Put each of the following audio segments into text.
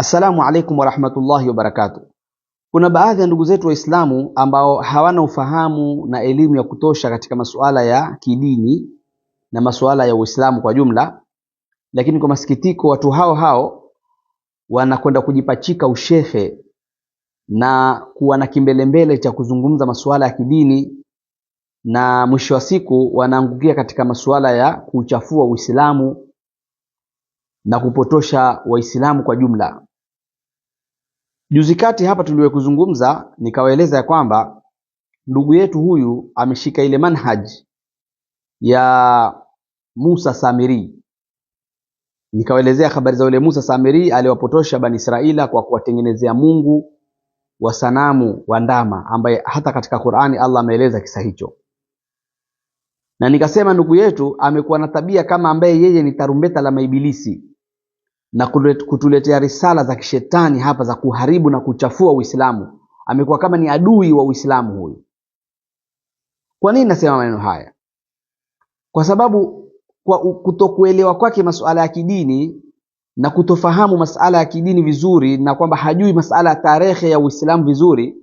Assalamu alaikum warahmatullahi wabarakatu Kuna baadhi ya ndugu zetu Waislamu ambao hawana ufahamu na elimu ya kutosha katika masuala ya kidini na masuala ya Uislamu kwa jumla, lakini kwa masikitiko, watu hao hao wanakwenda kujipachika ushefe na kuwa na kimbelembele cha kuzungumza masuala ya kidini, na mwisho wa siku wanaangukia katika masuala ya kuchafua Uislamu na kupotosha Waislamu kwa jumla. Juzi kati hapa tuliwe kuzungumza nikawaeleza ya kwamba ndugu yetu huyu ameshika ile manhaji ya Musa Samiri. Nikawaelezea habari za yule Musa Samiri aliwapotosha Bani Israila kwa kuwatengenezea mungu wa sanamu wa ndama, ambaye hata katika Qur'ani Allah ameeleza kisa hicho, na nikasema ndugu yetu amekuwa na tabia kama ambaye yeye ni tarumbeta la maibilisi na kutuletea risala za kishetani hapa za kuharibu na kuchafua Uislamu. Amekuwa kama ni adui wa Uislamu huyu. Kwa nini nasema maneno haya? Kwa sababu kwa kutokuelewa kwake masuala ya kidini na kutofahamu masuala ya kidini vizuri, na kwamba hajui masuala ya tarehe ya Uislamu vizuri,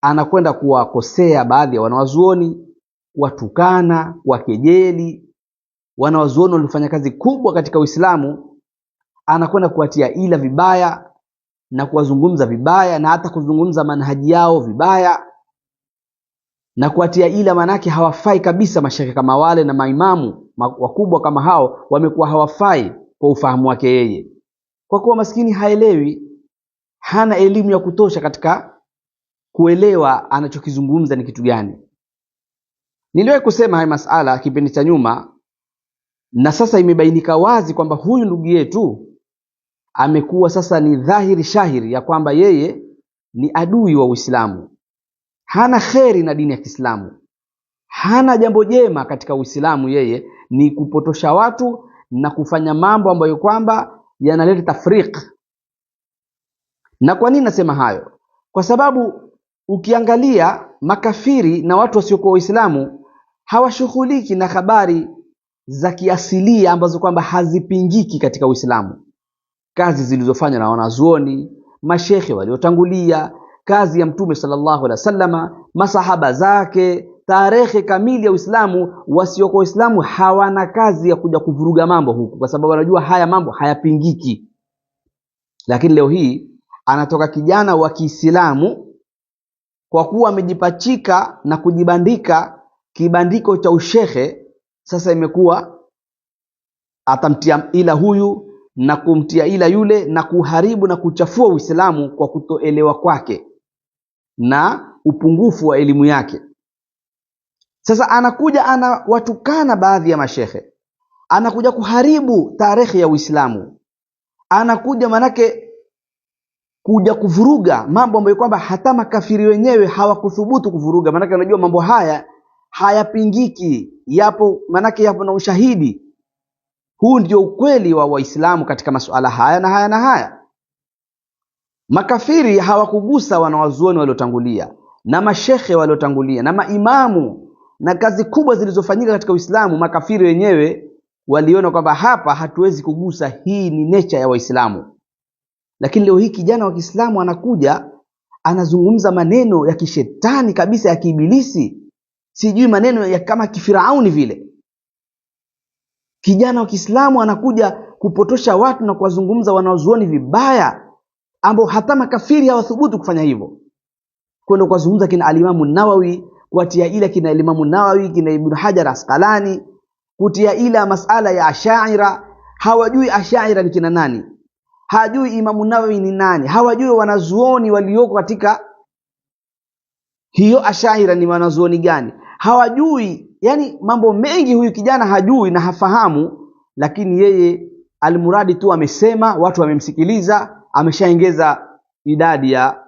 anakwenda kuwakosea baadhi ya wanawazuoni, kuwatukana, kuwakejeli wanawazuoni walifanya kazi kubwa katika Uislamu anakwenda kuwatia ila vibaya na kuwazungumza vibaya na hata kuzungumza manhaji yao vibaya na kuwatia ila, maanake hawafai kabisa. Mashehe kama wale na maimamu wakubwa kama hao wamekuwa hawafai kwa ufahamu wake yeye, kwa kuwa maskini haelewi, hana elimu ya kutosha katika kuelewa anachokizungumza ni kitu gani. Niliwahi kusema haya masala kipindi cha nyuma, na sasa imebainika wazi kwamba huyu ndugu yetu amekuwa sasa ni dhahiri shahiri ya kwamba yeye ni adui wa Uislamu, hana kheri na dini ya Kiislamu, hana jambo jema katika Uislamu. Yeye ni kupotosha watu na kufanya mambo ambayo kwamba yanaleta tafriq. Na kwa nini nasema hayo? Kwa sababu ukiangalia makafiri na watu wasiokuwa Waislamu hawashughuliki na habari za kiasilia ambazo kwamba hazipingiki katika Uislamu kazi zilizofanywa na wanazuoni, mashekhe waliotangulia, kazi ya Mtume sallallahu alaihi wasallama, masahaba zake, tarehe kamili ya Uislamu. Wasioko Waislamu hawana kazi ya kuja kuvuruga mambo huku, kwa sababu wanajua haya mambo hayapingiki. Lakini leo hii anatoka kijana wa Kiislamu kwa kuwa amejipachika na kujibandika kibandiko cha ushehe, sasa imekuwa atamtia ila huyu na kumtia ila yule na kuharibu na kuchafua Uislamu kwa kutoelewa kwake na upungufu wa elimu yake. Sasa anakuja anawatukana baadhi ya mashehe, anakuja kuharibu tarehe ya Uislamu, anakuja manake kuja kuvuruga mambo ambayo kwamba hata makafiri wenyewe hawakuthubutu kuvuruga, manake anajua mambo haya hayapingiki, yapo manake yapo na ushahidi huu ndio ukweli wa Waislamu katika masuala haya na haya na haya. Makafiri hawakugusa wanawazuoni waliotangulia na mashekhe waliotangulia na maimamu na kazi kubwa zilizofanyika katika Uislamu. Makafiri wenyewe waliona kwamba hapa hatuwezi kugusa, hii ni necha ya Waislamu. Lakini leo hii kijana wa Kiislamu anakuja anazungumza maneno ya kishetani kabisa ya kiibilisi, sijui maneno ya kama kifirauni vile Kijana wa Kiislamu anakuja kupotosha watu na kuwazungumza wanaozuoni vibaya, ambao hata makafiri hawathubutu kufanya hivyo, kwenda kuwazungumza kina Alimamu Nawawi, kuwatia ila kina Alimamu Nawawi, kina Ibnu Hajar Asqalani, kutia ila masala ya Ashaira. Hawajui Ashaira ni kina nani, hajui Imamu Nawawi ni nani, hawajui wanazuoni walioko katika hiyo Ashaira ni wanazuoni gani, hawajui yaani mambo mengi huyu kijana hajui na hafahamu, lakini yeye almuradi tu amesema, watu wamemsikiliza, ameshaongeza idadi ya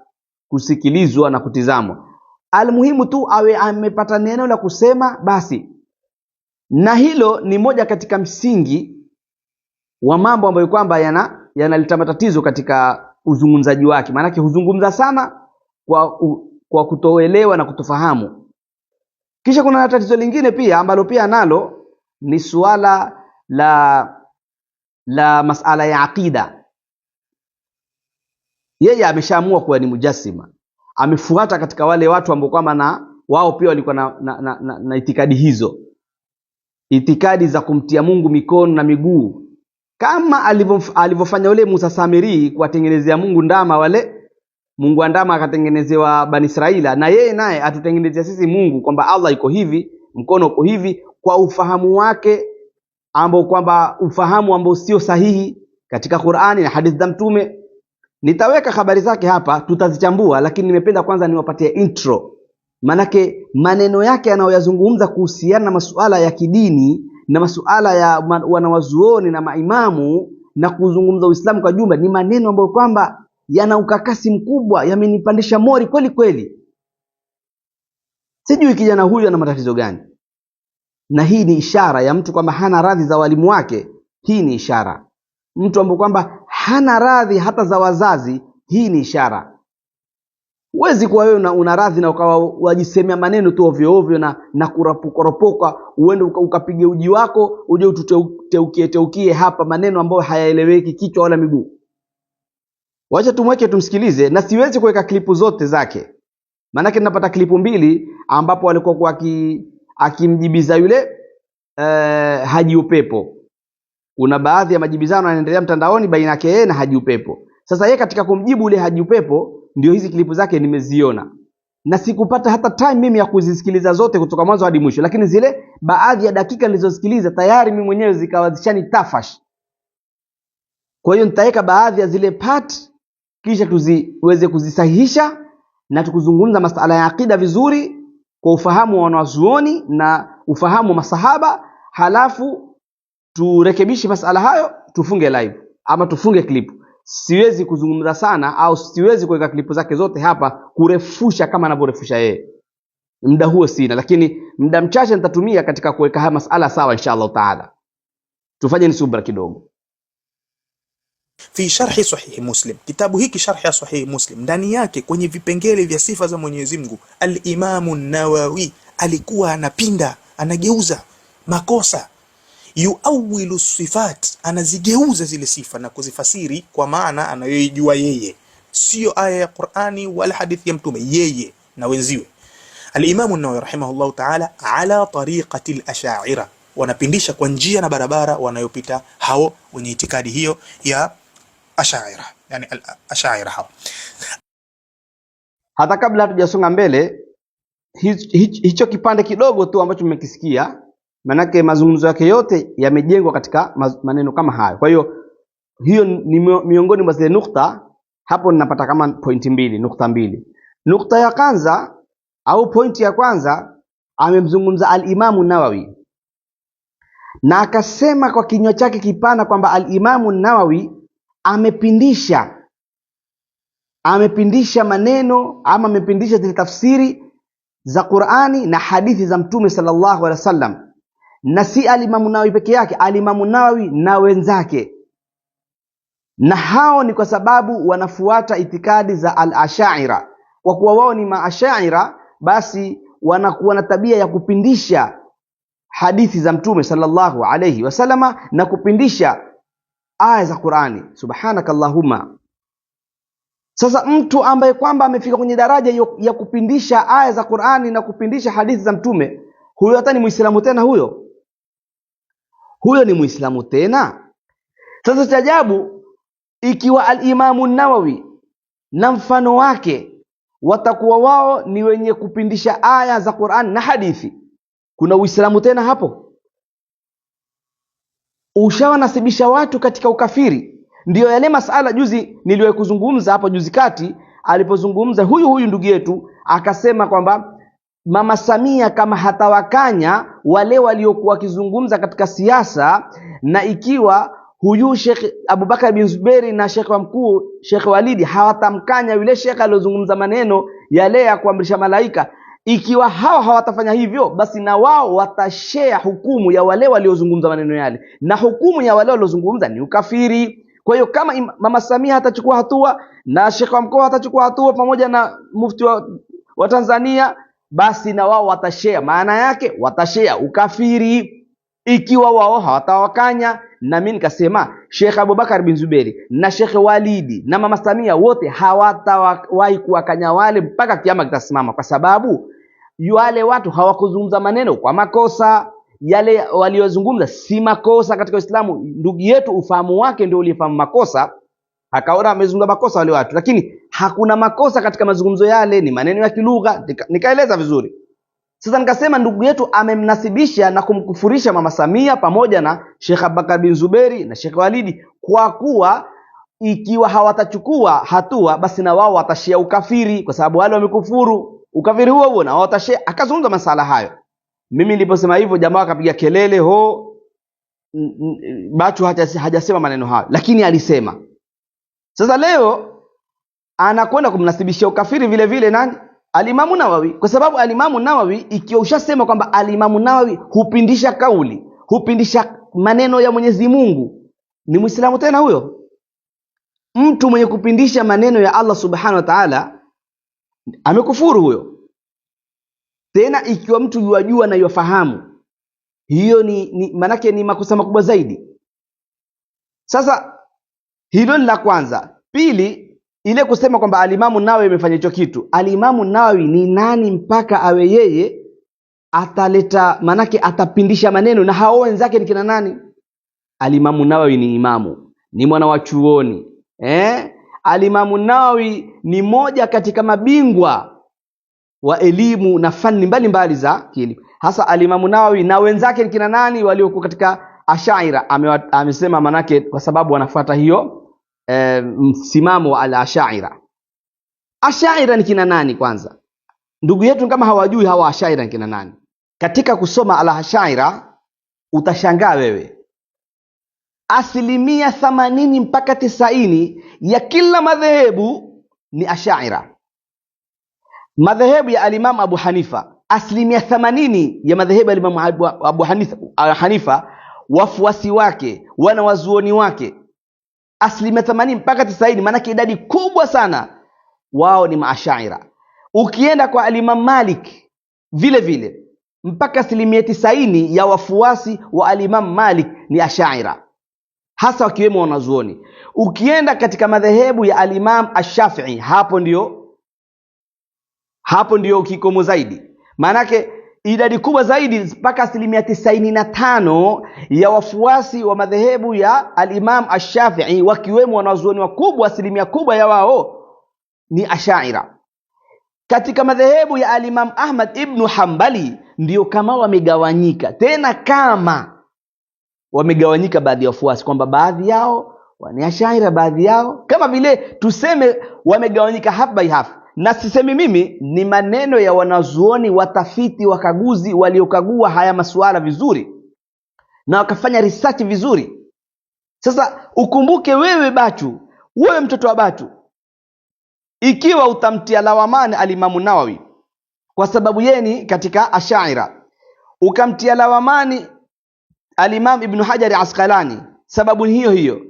kusikilizwa na kutizamwa. Almuhimu tu awe amepata neno la kusema basi, na hilo ni moja katika msingi wa mambo ambayo kwamba yana yanaleta matatizo katika uzungumzaji wake, maanake huzungumza sana kwa, kwa kutoelewa na kutofahamu. Kisha kuna tatizo lingine pia ambalo pia nalo ni suala la la masala ya aqida. Yeye ameshaamua kuwa ni mujasima, amefuata katika wale watu ambao kwamba na wao pia walikuwa na, na, na, na, na itikadi hizo, itikadi za kumtia Mungu mikono na miguu kama alivyofanya ule Musa Samiri kuwatengenezea Mungu ndama wale Mungu andama akatengenezewa Bani Israila, na yeye naye atutengenezea sisi Mungu kwamba Allah iko hivi, mkono uko hivi, kwa ufahamu wake ambao kwamba ufahamu ambao sio sahihi katika Qur'ani na hadithi za Mtume. Nitaweka habari zake hapa, tutazichambua, lakini nimependa kwanza niwapatie intro, manake maneno yake anayoyazungumza kuhusiana na masuala ya kidini na masuala ya wanawazuoni na maimamu na kuzungumza Uislamu kwa jumla ni maneno ambayo kwamba yana ukakasi mkubwa, yamenipandisha mori kweli kweli. Sijui kijana huyu ana matatizo gani, na hii ni ishara ya mtu kwamba hana radhi za walimu wake. Hii ni ishara mtu ambaye kwamba hana radhi hata za wazazi. Hii ni ishara Huwezi kuwa wewe una radhi na ukawa wajisemea maneno tu ovyo ovyo na, na kurapokoropoka uende ukapige uji wako uje ututeukie teukie hapa maneno ambayo hayaeleweki kichwa wala miguu. Wacha tumweke tumsikilize, na siwezi kuweka klipu zote zake, maanake napata klipu mbili ambapo alikuwa kwa akimjibiza yule eh, Haji Upepo. Kuna baadhi ya majibizano yanaendelea mtandaoni baina yake yeye na Haji Upepo. Sasa yeye katika kumjibu yule Haji Upepo, ndio hizi klipu zake nimeziona na sikupata hata time mimi ya kuzisikiliza zote kutoka mwanzo hadi mwisho, lakini zile baadhi ya dakika nilizosikiliza tayari mimi mwenyewe zikawazishani tafash. Kwa hiyo nitaweka baadhi ya zile part kisha tuziweze kuzisahihisha na tukuzungumza masala ya aqida vizuri kwa ufahamu wa wanawazuoni na ufahamu wa masahaba halafu turekebishe masala hayo tufunge live ama tufunge clip siwezi kuzungumza sana au siwezi kuweka klipu zake zote hapa kurefusha kama anavyorefusha yeye muda huo sina lakini muda mchache nitatumia katika kuweka haya masala sawa insha allahu taala tufanye ni subra kidogo fi sharhi sahihi Muslim, kitabu hiki sharhi ya sahihi Muslim, ndani yake kwenye vipengele vya sifa za Mwenyezi Mungu, al-Imamu Nawawi alikuwa anapinda, anageuza makosa yuawilu sifat, anazigeuza zile sifa na kuzifasiri kwa maana anayoijua yeye, sio aya ya Qur'ani wala hadithi ya Mtume, yeye na wenziwe. al Nawawi rahimahullahu ta'ala, ala tariqati al wanapindisha kwa njia na barabara wanayopita hao wenye itikadi hiyo ya Ashaira, yani Ashaira hao. Hata kabla hatujasonga mbele, hicho kipande kidogo tu ambacho mmekisikia, manake mazungumzo yake yote yamejengwa katika maneno kama hayo. Kwa hiyo hiyo ni miongoni mwa zile nukta. Hapo ninapata kama pointi mbili, nukta mbili. Nukta ya kwanza au pointi ya kwanza amemzungumza Al-Imamu Nawawi na akasema kwa kinywa chake kipana kwamba Al-Imamu Nawawi amepindisha amepindisha maneno ama amepindisha zile tafsiri za Qur'ani na hadithi za Mtume sallallahu alaihi wasallam, na si Alimamu Nawawi peke yake, Alimamu Nawawi na wenzake, na hao ni kwa sababu wanafuata itikadi za al-Ashaira. Kwa kuwa wao ni maashaira, basi wanakuwa na tabia ya kupindisha hadithi za Mtume sallallahu alaihi wasallama na kupindisha aya za Qur'ani, subhanaka allahumma. Sasa mtu ambaye kwamba amefika kwenye daraja ya kupindisha aya za Qur'ani na kupindisha hadithi za Mtume, huyo hata ni Muislamu tena? Huyo huyo ni Muislamu tena? Sasa cha ajabu, ikiwa al Nawawi na mfano wake watakuwa wao ni wenye kupindisha aya za Qur'ani na hadithi, kuna Uislamu tena hapo? ushawanasibisha watu katika ukafiri. Ndiyo yale masala juzi niliwahi kuzungumza hapo juzi kati, alipozungumza huyu huyu ndugu yetu akasema kwamba Mama Samia kama hatawakanya wale waliokuwa wakizungumza katika siasa, na ikiwa huyu Sheikh Abubakar bin Zuberi na Sheikh wa mkuu Sheikh Walidi hawatamkanya yule Sheikh aliyozungumza maneno yale ya kuamrisha malaika ikiwa hawa hawatafanya hivyo, basi na wao watashea hukumu ya wale waliozungumza maneno yale, na hukumu ya wale waliozungumza ni ukafiri. Kwa hiyo kama Mama Samia hatachukua hatua na shekhe wa mkoa hatachukua hatua pamoja na mufti wa, wa Tanzania, basi na wao watashea, maana yake watashea ukafiri ikiwa wao hawatawakanya. Na mimi nikasema Shekhe Abubakar bin Zuberi na Shekhe Walidi na Mama Samia wote hawatawahi kuwakanya wale mpaka kiama kitasimama, kwa sababu wale watu hawakuzungumza maneno kwa makosa. Yale waliozungumza si makosa katika Uislamu. Ndugu yetu ufahamu wake ndio ulifahamu makosa, akaona amezungumza makosa wale watu, lakini hakuna makosa katika mazungumzo yale, ni maneno ya kilugha. Nikaeleza vizuri. Sasa nikasema ndugu yetu amemnasibisha na kumkufurisha Mama Samia pamoja na Sheikh Abubakar bin Zuberi na Sheikh Walidi, kwa kuwa ikiwa hawatachukua hatua basi na wao watashia ukafiri, kwa sababu wale wamekufuru Ukafiri huo na watashe akazungumza masala hayo. Mimi niliposema hivyo, jamaa akapiga kelele ho. Bachu hajasema maneno hayo, lakini alisema. Sasa leo anakwenda kumnasibishia ukafiri vile vile nani? Alimamu Nawawi, kwa sababu Alimamu Nawawi, ikiwa ushasema kwamba Alimamu Nawawi hupindisha kauli, hupindisha maneno ya Mwenyezi Mungu, ni Muislamu tena huyo? Mtu mwenye kupindisha maneno ya Allah Subhanahu wa Ta'ala amekufuru huyo. Tena ikiwa mtu yuwajua na yuwafahamu, hiyo ni, ni manake ni makosa makubwa zaidi. Sasa hilo ni la kwanza. Pili, ile kusema kwamba Alimamu Nawawi amefanya hicho kitu. Alimamu Nawawi ni nani mpaka awe yeye ataleta manake atapindisha maneno na hao wenzake ni kina nani? Alimamu Nawawi ni imamu, ni mwana wa chuoni eh? Alimamu Nawawi ni moja katika mabingwa wa elimu na fani mbalimbali za kielimu, hasa Alimamu Nawawi na wenzake kina nani waliokuwa katika Ashaira amesema manake, kwa sababu wanafuata hiyo e, msimamo wa al-Ashaira. Ashaira ni kina nani? Kwanza ndugu yetu kama hawajui hawa Ashaira ni kina nani, katika kusoma al-Ashaira utashangaa wewe, asilimia thamanini mpaka tisaini ya kila madhehebu ni Ashaira, madhehebu ya alimamu Abu Hanifa. Asilimia themanini ya madhehebu ya alimamu Abu Hanifa, wafuasi wake wana wazuoni wake asilimia themanini mpaka tisaini, maanake idadi kubwa sana wao ni maashaira. Ukienda kwa alimam Malik vile vile mpaka asilimia tisaini ya wafuasi wa alimam Malik ni ashaira hasa wakiwemo wanazuoni. Ukienda katika madhehebu ya Alimam Ashafii, hapo ndio hapo ndio kikomo zaidi, maanake idadi kubwa zaidi mpaka asilimia tisaini na tano ya wafuasi wa madhehebu ya Alimam Ashafii, wakiwemo wanazuoni wakubwa, asilimia kubwa ya wao ni Ashaira. Katika madhehebu ya Alimam Ahmad ibnu Hambali ndio kama wamegawanyika tena kama wamegawanyika baadhi ya wafuasi kwamba baadhi yao waniashaira baadhi yao kama vile tuseme wamegawanyika half by half na sisemi mimi ni maneno ya wanazuoni watafiti wakaguzi waliokagua haya masuala vizuri na wakafanya research vizuri sasa ukumbuke wewe bachu wewe mtoto wa bachu ikiwa utamtia lawamani alimamu nawawi kwa sababu yeni katika ashaira ukamtia lawamani Alimam Ibnu Hajari Asqalani, sababu hiyo hiyo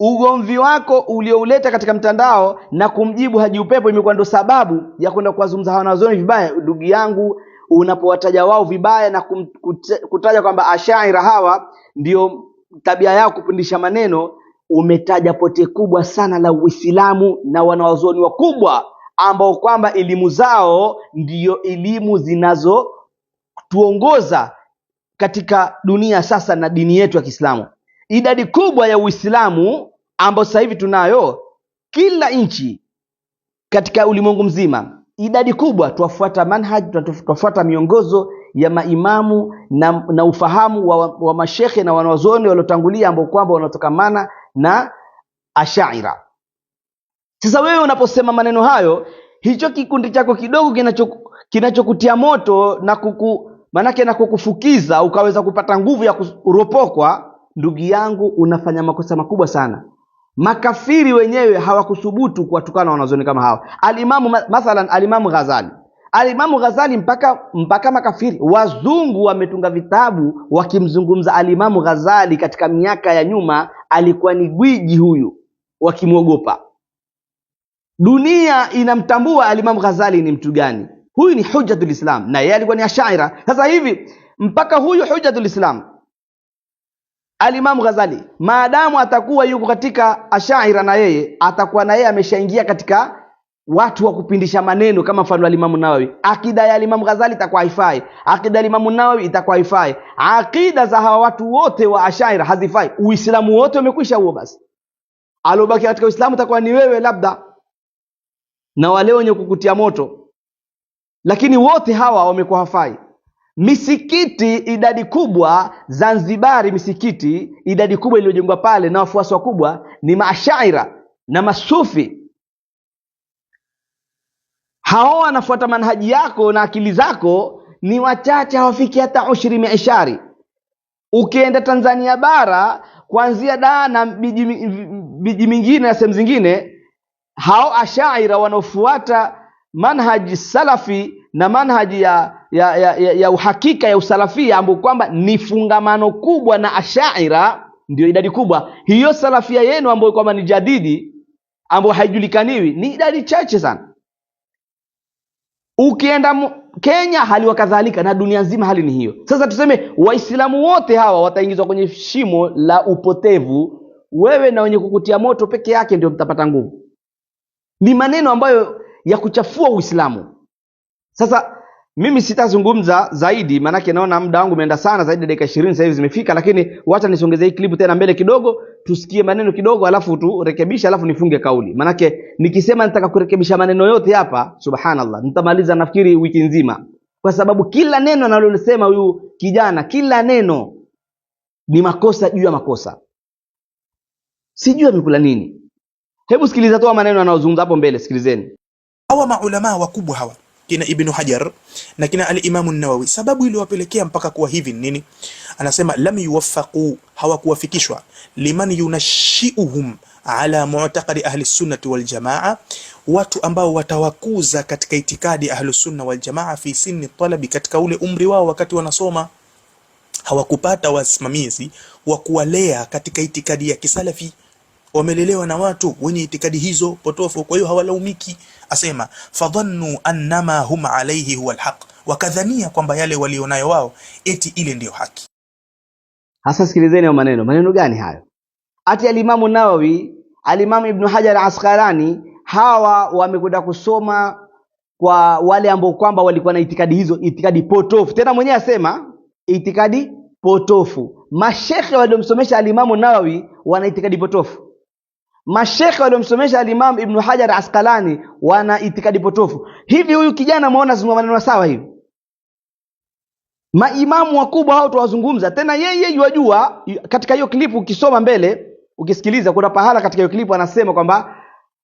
ugomvi wako uliouleta katika mtandao na kumjibu Haji Upepo imekuwa ndo sababu ya kwenda kuwazungumza wanazuoni vibaya. Ndugu yangu, unapowataja wao vibaya na kum, kute, kutaja kwamba ashaira hawa ndio tabia yao kupindisha maneno, umetaja pote kubwa sana la Uislamu na wanawazuoni wakubwa ambao kwamba elimu zao ndiyo elimu zinazotuongoza katika dunia sasa na dini yetu ya Kiislamu. Idadi kubwa ya Uislamu ambao sasa hivi tunayo kila nchi katika ulimwengu mzima, idadi kubwa tuwafuata manhaj, tuwafuata miongozo ya maimamu na, na ufahamu wa, wa mashekhe na wanazuoni waliotangulia ambao kwamba wanatokamana na Ashaira. Sasa wewe unaposema maneno hayo, hicho kikundi chako kidogo kinachokutia kinacho moto na kuku maanake na kukufukiza ukaweza kupata nguvu ya kuropokwa, ndugu yangu, unafanya makosa makubwa sana. Makafiri wenyewe hawakuthubutu kuwatukana wanazoni kama hawa. Alimamu mathalan, alimamu Ghazali, alimamu Ghazali mpaka mpaka makafiri wazungu wametunga vitabu wakimzungumza alimamu Ghazali katika miaka ya nyuma, alikuwa ni gwiji huyu, wakimwogopa. Dunia inamtambua alimamu Ghazali ni mtu gani Huyu ni Hujjatul Islam na yeye alikuwa ni Ashaira. Sasa hivi mpaka huyu Hujjatul Islam Alimamu Ghazali maadamu atakuwa yuko katika Ashaira na yeye atakuwa na yeye ameshaingia katika watu wa kupindisha maneno kama mfano alimamu Nawawi. Akida ya alimamu Ghazali itakuwa haifai, akida ya alimamu Nawawi itakuwa haifai, akida za hawa watu wote wa Ashaira hazifai. Uislamu wote umekwisha huo, basi alobaki katika Uislamu itakuwa ni wewe labda na wale wenye kukutia moto lakini wote hawa wamekuwa hafai. Misikiti idadi kubwa Zanzibari, misikiti idadi kubwa iliyojengwa pale na wafuasi wakubwa ni maashaira na masufi. Hao wanafuata manhaji yako na akili zako ni wachache, hawafiki hata ushiri miishari. Ukienda Tanzania bara kuanzia Daa na miji mingine na sehemu zingine, hao ashaira wanaofuata manhaji salafi na manhaji ya, ya, ya, ya, ya uhakika ya usalafia ambapo kwamba ni fungamano kubwa na ashaira, ndio idadi kubwa hiyo. Salafia yenu ambayo kwamba ni jadidi ambayo haijulikaniwi ni idadi chache sana. Ukienda Kenya hali wakadhalika, na dunia nzima hali ni hiyo. Sasa tuseme Waislamu wote hawa wataingizwa kwenye shimo la upotevu, wewe na wenye kukutia moto peke yake ndio mtapata nguvu. Ni maneno ambayo ya kuchafua Uislamu. Sasa mimi sitazungumza zaidi, maanake naona muda wangu umeenda sana, zaidi ya dakika ishirini sasa hivi zimefika, lakini wacha nisongeze hii klipu tena mbele kidogo, tusikie maneno kidogo, alafu turekebishe, alafu nifunge kauli, maanake nikisema nitaka kurekebisha maneno yote hapa, subhanallah, nitamaliza nafikiri wiki nzima, kwa sababu kila neno analolisema huyu kijana, kila neno ni makosa juu ya makosa. Sijui amekula nini. Hebu sikiliza toa maneno anayozungumza hapo mbele, sikilizeni hawa maulama wakubwa hawa kina Ibnu Hajar na kina Alimamu Nawawi, sababu iliwapelekea mpaka kuwa hivi nini? Anasema lam yuwaffaqu, hawakuwafikishwa liman yunashiuhum ala mu'taqadi ahli sunnati wal jamaa, watu ambao watawakuza katika itikadi ahli sunna wal jamaa, fi sinni talabi, katika ule umri wao wakati wanasoma. Hawakupata wasimamizi wa kuwalea katika itikadi ya kisalafi wamelelewa na watu wenye itikadi hizo potofu, kwa hiyo hawalaumiki. Asema fadhannu annama hum alayhi huwa alhaq, wakadhania kwamba yale walionayo wao eti ile ndiyo haki. Hasa sikilizeni maneno, maneno gani hayo? Ati alimamu Nawawi, alimamu Ibnu Hajar Askarani, hawa wamekwenda kusoma kwa wale ambao kwamba walikuwa na itikadi hizo, itikadi potofu. Tena mwenyewe asema itikadi potofu. Mashekhe waliomsomesha alimamu Nawawi wana itikadi potofu Mashekhe waliomsomesha alimamu Ibnu Hajar Askalani wana itikadi potofu. Hivi huyu kijana muona zungumza maneno sawa hivi? Maimamu wakubwa hao tuwazungumza tena, yeye yajua. Katika hiyo klipu ukisoma mbele, ukisikiliza, kuna pahala katika hiyo klipu anasema kwamba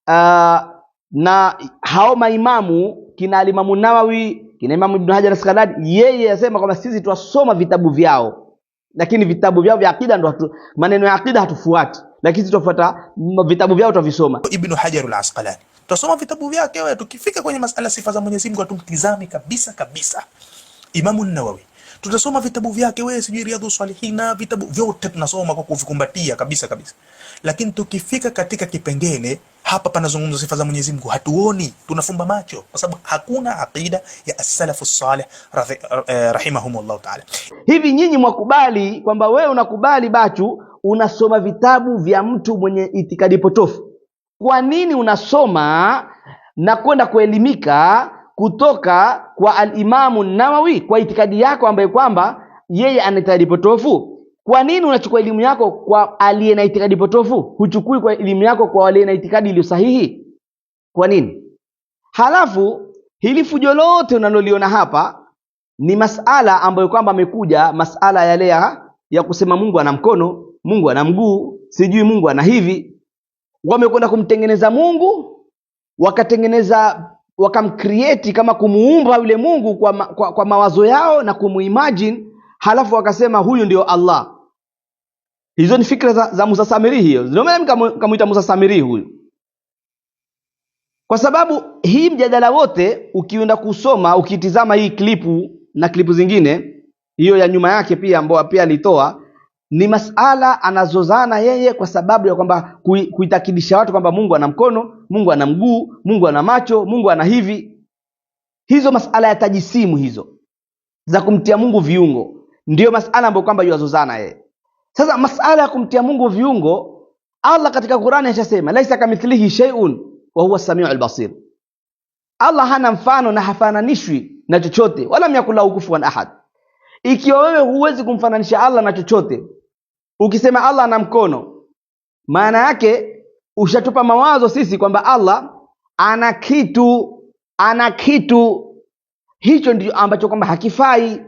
uh, na hao maimamu kina Alimamu Nawawi kina Imamu Ibnu Hajar Askalani, yeye asema kwamba sisi tuwasoma vitabu vyao, lakini vitabu vyao vya akida ndo, maneno ya akida hatufuati lakini tutafuata vitabu vyao tutavisoma. Ibn Hajar al-Asqalani tutasoma vitabu vyake wewe, tukifika kwenye masala sifa za Mwenyezi Mungu atumtizame kabisa kabisa. Imam an Nawawi tutasoma vitabu vyake wewe, sijui Salihin na vitabu vyote tunasoma kwa kuvikumbatia kabisa kabisa, lakini tukifika katika kipengele hapa panazungumza sifa za Mwenyezi Mungu hatuoni, tunafumba macho, kwa sababu hakuna aqida ya as-salafu salih eh, rahimahumullah taala. Hivi nyinyi mwakubali kwamba wewe unakubali Bachu unasoma vitabu vya mtu mwenye itikadi potofu? Kwa nini unasoma na kwenda kuelimika kutoka kwa alimamu Nawawi kwa itikadi yako ambayo kwamba yeye ana itikadi potofu? Kwa nini unachukua elimu yako kwa aliye na itikadi potofu, huchukui kwa elimu yako kwa aliye na itikadi iliyo sahihi? Kwa nini? Halafu hili fujo lote unaloliona hapa ni masala ambayo kwamba amekuja masala yale ya kusema Mungu ana mkono Mungu ana mguu, sijui Mungu ana hivi. Wamekwenda kumtengeneza Mungu, wakatengeneza wakamcreate kama kumuumba yule Mungu kwa, ma, kwa, kwa mawazo yao na kumuimagine, halafu wakasema huyu ndio Allah. Hizo ni fikra za, za Musa Samiri, hiyo ndio maana nikamuita Musa Samiri huyu, kwa sababu hii mjadala wote ukienda kusoma ukitizama hii klipu na klipu zingine hiyo ya nyuma yake pia ambayo pia alitoa ni masala anazozana yeye kwa sababu ya kwamba kuitakidisha watu kwamba Mungu ana mkono, Mungu ana mguu, Mungu ana macho, Mungu ana hivi. Hizo masala ya tajisimu hizo za kumtia Mungu viungo ndiyo masala ambayo kwamba yuazozana yeye. Sasa masala ya kumtia Mungu viungo, Allah katika Qur'ani ashasema laisa kamithlihi shay'un wa huwa samiul basir, Allah hana mfano na hafananishwi na chochote, wala yakun lahu kufuwan ahad. Ikiwa wewe huwezi kumfananisha Allah na chochote Ukisema Allah ana mkono, maana yake ushatupa mawazo sisi kwamba Allah ana kitu, ana kitu hicho ndio ambacho kwamba hakifai.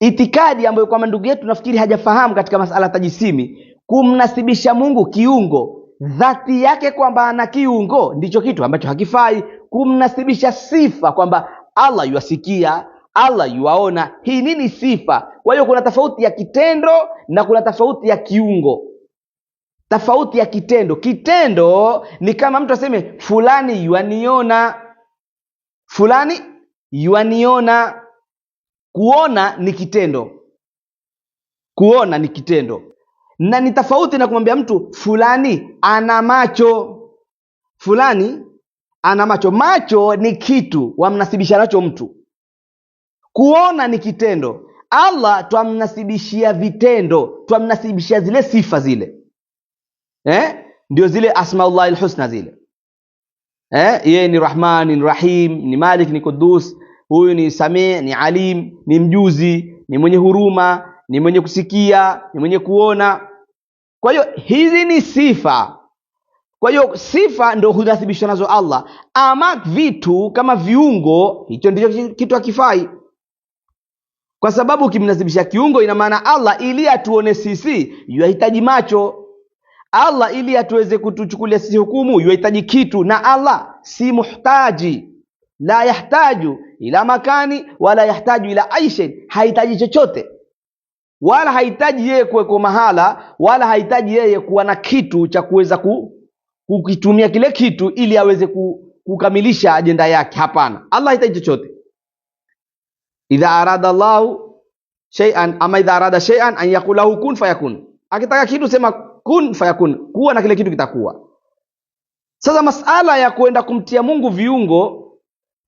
Itikadi ambayo kwamba ndugu yetu nafikiri hajafahamu katika masala tajisimi, kumnasibisha Mungu kiungo dhati yake kwamba ana kiungo ndicho kitu ambacho hakifai. Kumnasibisha sifa kwamba Allah yuasikia, Allah yuwaona, hii nini sifa kwa hiyo kuna tofauti ya kitendo na kuna tofauti ya kiungo. Tofauti ya kitendo, kitendo ni kama mtu aseme fulani yuaniona, fulani yuaniona. Kuona ni kitendo, kuona ni kitendo, na ni tofauti na kumwambia mtu fulani ana macho, fulani ana macho. Macho ni kitu wamnasibisha nacho mtu. Kuona ni kitendo Allah twamnasibishia vitendo, twamnasibishia zile sifa zile eh? Ndio zile asmaullahi lhusna zile eh? Yeye ni Rahman, ni Rahim, ni Malik, ni Kudus, huyu ni sami ni Alim, ni mjuzi, ni mwenye huruma, ni mwenye kusikia, ni mwenye kuona. Kwa hiyo hizi ni sifa. Kwa hiyo sifa ndio hunasibishwa nazo Allah, ama vitu kama viungo, hicho ndicho kitu hakifai kwa sababu ukimnasibisha kiungo, ina maana Allah ili atuone sisi yuahitaji macho. Allah ili atuweze kutuchukulia sisi hukumu yuahitaji kitu, na Allah si muhtaji, la yahtaju ila makani wala yahtaju ila aishin, hahitaji chochote wala hahitaji yeye kuwekwa mahala wala hahitaji yeye kuwa na kitu cha kuweza kukitumia kile kitu ili aweze kukamilisha ajenda yake. Hapana, Allah hahitaji chochote idha arada Allahu shay'an ama idha arada shay'an an yaqula lahu kun fayakun, akitaka kitu sema kun fayakun, kuwa na kile kitu kitakuwa. Sasa masala ya kwenda kumtia Mungu viungo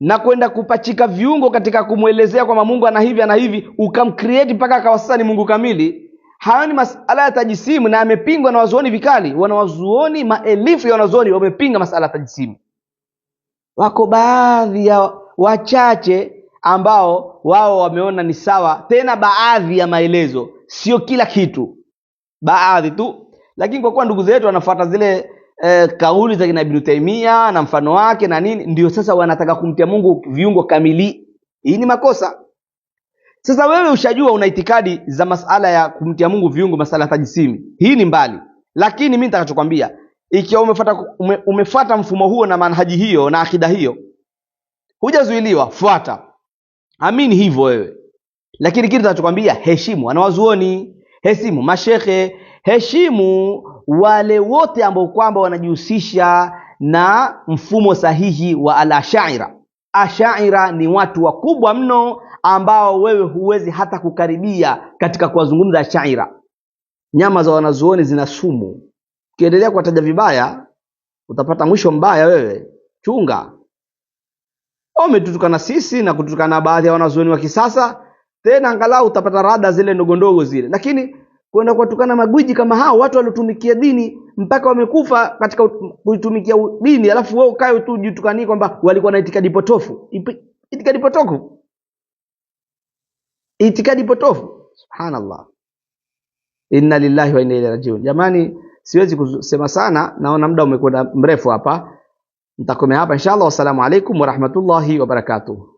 na kwenda kupachika viungo katika kumwelezea kwamba Mungu ana hivi ana hivi, ukamcreate mpaka akawa sasa ni Mungu kamili, hayo ni masala ya tajisimu na yamepingwa na wazuoni vikali. Wanawazuoni, maelifu ya wanazuoni wamepinga masala ya tajisimu. Wako baadhi ya wachache ambao wao wameona ni sawa, tena baadhi ya maelezo, sio kila kitu, baadhi tu. Lakini kwa kuwa ndugu zetu wanafuata zile e, kauli za kina Ibn Taymiyyah na mfano wake na nini, ndio sasa wanataka kumtia Mungu viungo kamili. Hii ni makosa. Sasa wewe ushajua una itikadi za masala ya kumtia Mungu viungo, masala ya tajisimi, hii ni mbali. Lakini mimi nitakachokwambia ikiwa umefuata ume, umefuata mfumo huo na manhaji hiyo na akida hiyo, hujazuiliwa, fuata amini hivyo wewe, lakini kitu tunachokwambia heshimu wanawazuoni, heshimu mashehe, heshimu wale wote ambao kwamba wanajihusisha na mfumo sahihi wa alashaira. Ashaira ni watu wakubwa mno ambao wewe huwezi hata kukaribia katika kuwazungumza ashaira. Nyama za wanazuoni zina sumu, ukiendelea kuwataja vibaya utapata mwisho mbaya. Wewe chunga wametutukana sisi na kututukana baadhi ya wanazuoni wa kisasa, tena angalau utapata rada zile ndogondogo zile, lakini kwenda kuwatukana magwiji kama hao watu waliotumikia dini mpaka wamekufa katika kuitumikia dini, alafu wewe ukae tu jitukani kwamba walikuwa na itikadi potofu. Itikadi potofu, itikadi potofu! Subhanallah, inna lillahi wa inna ilaihi rajiun. Jamani, siwezi kusema sana, naona muda umekwenda mrefu hapa. نلتقي معها إن شاء الله والسلام عليكم ورحمة الله وبركاته